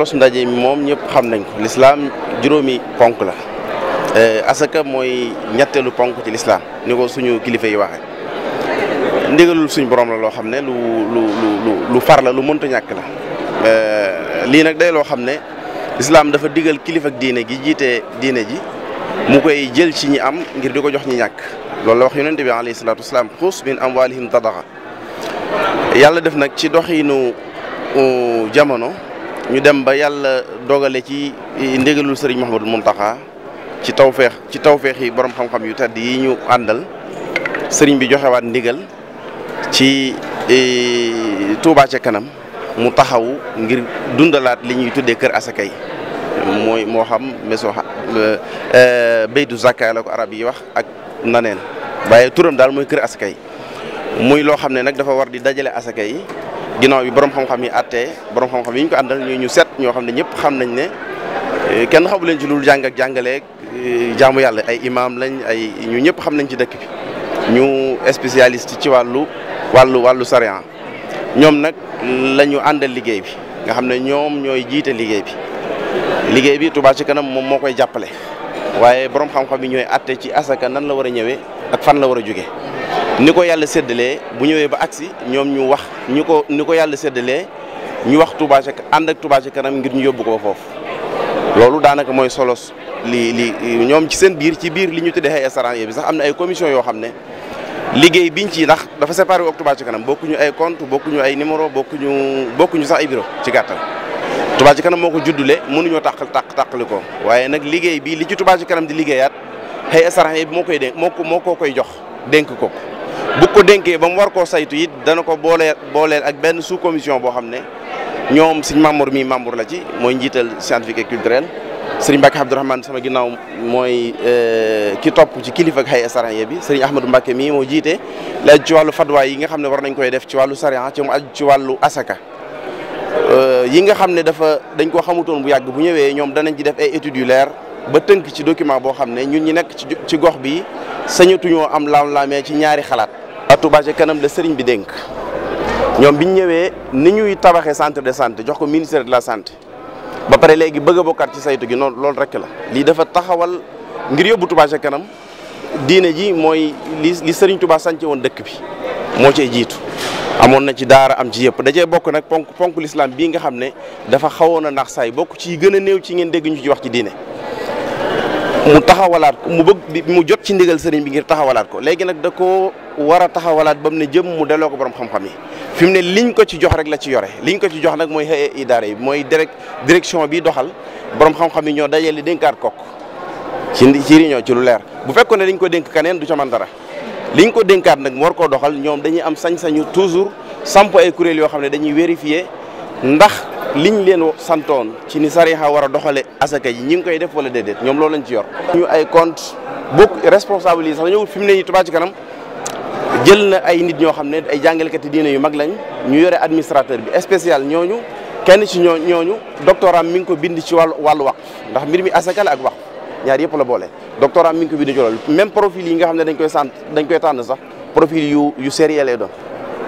solos ndaje mi moom ñëpp xam nañ ko lislaam juróomi ponk la eh, asaka mooy ñetteelu ponk ci lislaam ni ko suñu kilifa yi waxe ndigalul suñ borom la loo xam ne lu lu lu lu far la lu mënta ñàkk la eh, lii nag day loo xam ne lislaam dafa digal kilifa diine gi jiite diine ji mu koy jël ci ñi am ngir di ko jox ñi ñàkk loolu la wax yonent bi alayhi salaatu wasalaam xus min amwalihim sadaqa yàlla def nag ci doxinu jamono ñu dem ba yàlla dogale ci ndigalul sëriñ Mouhamadou taxa ci tawfeex ci tawfeex yi borom xam-xam yu tedd yi ñu àndal sëriñ bi joxewaat ndigal ci e, Touba ca kanam mu taxaw ngir dundalaat li ñuy tuddee kër asaka mooy moo xam meso e, baytu zakka la ko arab yi wax ak naneen waaye turam daal mooy kër asaka muy loo xam ne nag dafa war di dajale asaka yi ginaaw bi borom xam-xam yi àttee borom xam-xam yi ñu ko àndal ñuy ñu set ñoo xam ne ñëpp xam nañ ne eh, kenn xamu leen ci loolu jàng ak jàngaleeg eh, jaamu yàlla ay imaam lañ ay ñu ñëpp xam nañ ci dëkk bi ñu spécialiste ci wàllu wàllu wàllu sariya ñoom nag la ñu àndal liggéey bi nga xam ne ñoom ñooy jiite liggéey bi liggéey bi Touba ci kanam moom moo koy jàppale waaye borom xam-xam yi ñooy àtte ci asaka nan la war a ñëwee ak fan la war a jóge ni ko yàlla séddalee bu ñëwee ba agsi ñoom ñu wax ñu ko ni ko yàlla séddalee ñu wax Touba ànd ak Touba kanam ngir ñu yóbbu ko foofu loolu daanaka mooy solos li li ñoom ci seen biir ci biir li ñu tuddee ay stratégie bi sax na ay commission yoo xam ne liggéey biñ ci ndax dafa séparé ak Touba ca kanam bokkuñu ay compte bokkuñu ay numéro bokkuñu bokkuñu sax ay bureau ci gàttal Touba ca kanam moo ko juddule mënuñoo tàq tàq tàqali ko waaye nag liggéey bi li ci Touba ca di liggéeyaat ay bi moo koy dénk moo ko moo ko koy jox dénk ko bu ko dénkee ba mu war koo saytu it dana ko booleel booleel ak benn sous commission boo xam ne ñoom sëñ Mamour mii Mamour la ci mooy njiital scientifique et culturel sëriñ Mbacke Abdourahmane sama ginnaaw mooy euh, ki topp ci kilifa ak xay sariya bi sëriñ Ahmadou Mbacke mii moo jiite la ci wàllu fatwa yi nga xam ne war nañ koy def ci wàllu sariya ci mu aju ci wàllu asaka euh, yi nga xam ne dafa dañ ko xamutoon bu yàgg bu ñëwee ñoom danañ ci def ay études yu leer ba tënk ci document boo xam ne ñun ñi nekk ci gox bi sañatuñoo am laam-laamee ci ñaari xalaat Touba Kanam la sëriñ bi dénk ñoom biñ ñëwee ni ñuy tabaxee centre de santé jox ko ministère de la santé ba pare léegi bëgg a bokkaat ci saytu gi noonu loolu rek la lii dafa taxawal ngir yóbbu Touba Kanam diine ji mooy li li sëriñ Touba sànce woon dëkk bi moo cee jiitu amoon na ci daar am ci yëpp da cee bokk nag ponk ponk l'islam bii nga xam ne dafa xawoon a ndax say bokk ci gën a néew ci ngeen dégg ñu ci wax ci diine mu taxawalaat ko mu bëgg mu jot ci ndigal sëriñ bi ngir taxawalaat ko léegi nag da ko war a taxawalaat ba mu ne jëm mu delloo ko boroom xam-xam yi fi mu ne liñ ko ci jox rek la ci yore liñ ko ci jox nag mooy xëye idaara yi mooy direct direction bi doxal borom xam-xam yi ñoo dajale dénkaat kook ci ci réunion ci lu leer bu fekkoon ne dañ ko dénk keneen du ca man dara liñ ko dénkaat nag war koo doxal ñoom dañuy am sañ-sañu toujours samp ay kuréel yoo xam ne dañuy vérifier ndax liñ leen santoon ci ni sariha war a doxale asaka yi ñi ngi koy def wala déedéet ñoom loolu lañ ci yor ñu ay compte bokk responsable yi sax ñëw fi mu ne nii Touba ci kanam jël na ay nit ñoo xam ne ay jàngalekati diine yu mag lañ ñu yore administrateur bi spécial ñooñu kenn ci ñoo ñooñu doctoram mi ngi ko bind ci wàllu wàllu waqf ndax mbir mi asakal ak wax ñaar yëpp la boole doctoram mi ngi ko bind ci loolu même profil yi nga xam ne dañ koy sant dañ koy tànn sax profil yu yu sérieux lay doon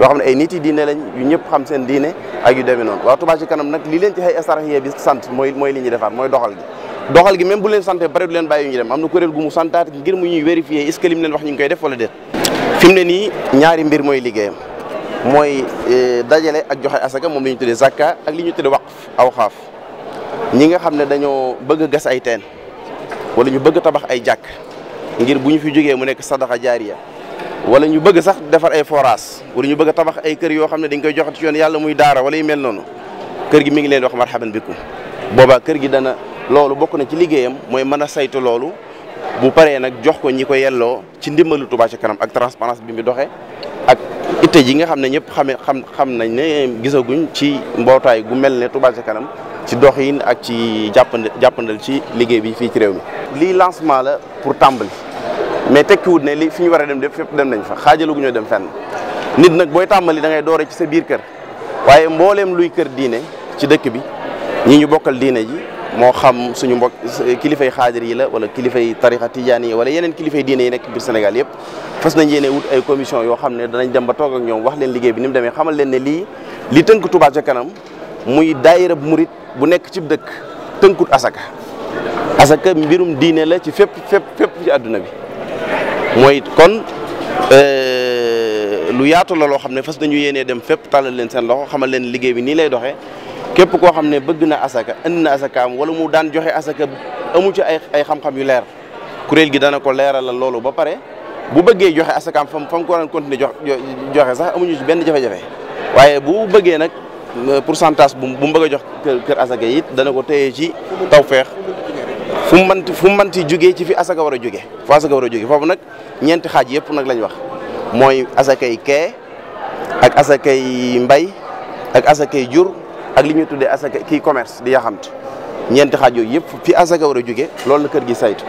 yoo xam ne ay nit yi diine lañ yu ñëpp xam seen diine ak yu deme noonu waaw Touba ci kanam nag li leen ci xëy saraxiya bi sant mooy mooy li ñuy defaat mooy doxal gi doxal gi même bu leen sante bare du leen bàyyi ñu dem am na kuréel gu mu santaat ngir mu ñuy vérifier fi mu ne nii ñaari mbir mooy liggéeyam mooy e, dajale ak joxe asaka moom li ñu tuddee zakka ak li ñu tuddee waqf aw xaaf ñi nga xam ne dañoo bëgg a gas ay teen wala ñu bëgg tabax ay jàkk ngir bu ñu fi jógee mu nekk sadaxa jaariya wala ñu bëgg sax defar ay forage wala ñu bëgg tabax ay kër yoo xam ne dañ koy joxe ci yoon yàlla muy daara wala yu mel noonu kër gi mi ngi leen wax marhaban bikum boobaa kër gi dana loolu bokk na ci liggéeyam mooy mën a saytu loolu bu paree nag jox ko ñi ko yelloo ci ndimbalu Touba kanam ak transparence bi mu doxee ak itte ji nga xam ne ñëpp xame xam xam nañ ne gisaguñ ci mbootaay gu mel ne Touba kanam ci doxin ak ci jàpp jàppandal ci liggéey bi fii ci réew mi. lii lancement la pour tàmbali. mais tekkiwut ne lii fi ñu war a dem def fépp dem nañ fa xaajalugu ñoo dem fenn nit nag booy tàmbali da ngay doore ci sa biir kër waaye mbooleem luy kër diine ci dëkk bi ñi ñu bokkal diine ji moo xam suñu mbokk kilifay xaajar yi la wala kilifay tarixa tijaani yi wala yeneen kilifay diine yi nekk biir Sénégal yëpp fas nañ yéene wut ay commission yoo xam ne danañ dem ba toog ak ñoom wax leen liggéey bi ni mu demee xamal leen ne lii li tënk Touba ca kanam muy daayira murit bu nekk cib dëkk tënkut asaka asaka mbirum diine la ci fépp fépp fépp ci àdduna bi mooy kon euh, lu yaatu la loo xam ne fas nañu yéenee dem fépp tàllal leen seen loxo xamal leen liggéey bi ni lay doxee képp koo xam ne bëgg na asaka indi na wala mu daan joxe asaka amu ci ay ay xam-xam yu leer kuréel gi dana ko leeralal loolu ba pare bu bëggee joxe asakaam fam fam ko war continuer joxe sax amuñu ci benn jafe-jafe waaye bu bëggee nag euh, pourcentage bu mu bëgg a jox kër kër asaka yi dana ko téye ci tawfeex fu mu fu mu mënti jugee ci fi asaka war a jóge fu asaka war a jóge foofu nag ñeenti xaaj yëpp nag lañ wax mooy asakay kee ak asakay mbay ak asakay jur ak li ñuy tuddee asaka kii commerce di yaxamt ñeenti xaaj yooyu yëpp fi asaka war a jóge loolu la kër gi saytu